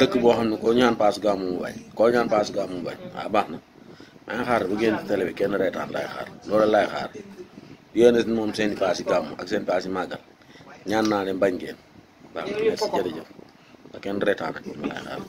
dëkk boo xam ne koo ñaan paas gaaw mu bañ koo ñaan paas gaaw mu bañ waaw baax na maa ngi xaar bu génn télé bi kenn reetaan laay xaar loolu laay xaar yéen it moom seen paas yi gàmm ak seen paas yi màggal ñaan naa leen bañ ngeen waaw merci kenn reetaan ak moom laay xaar.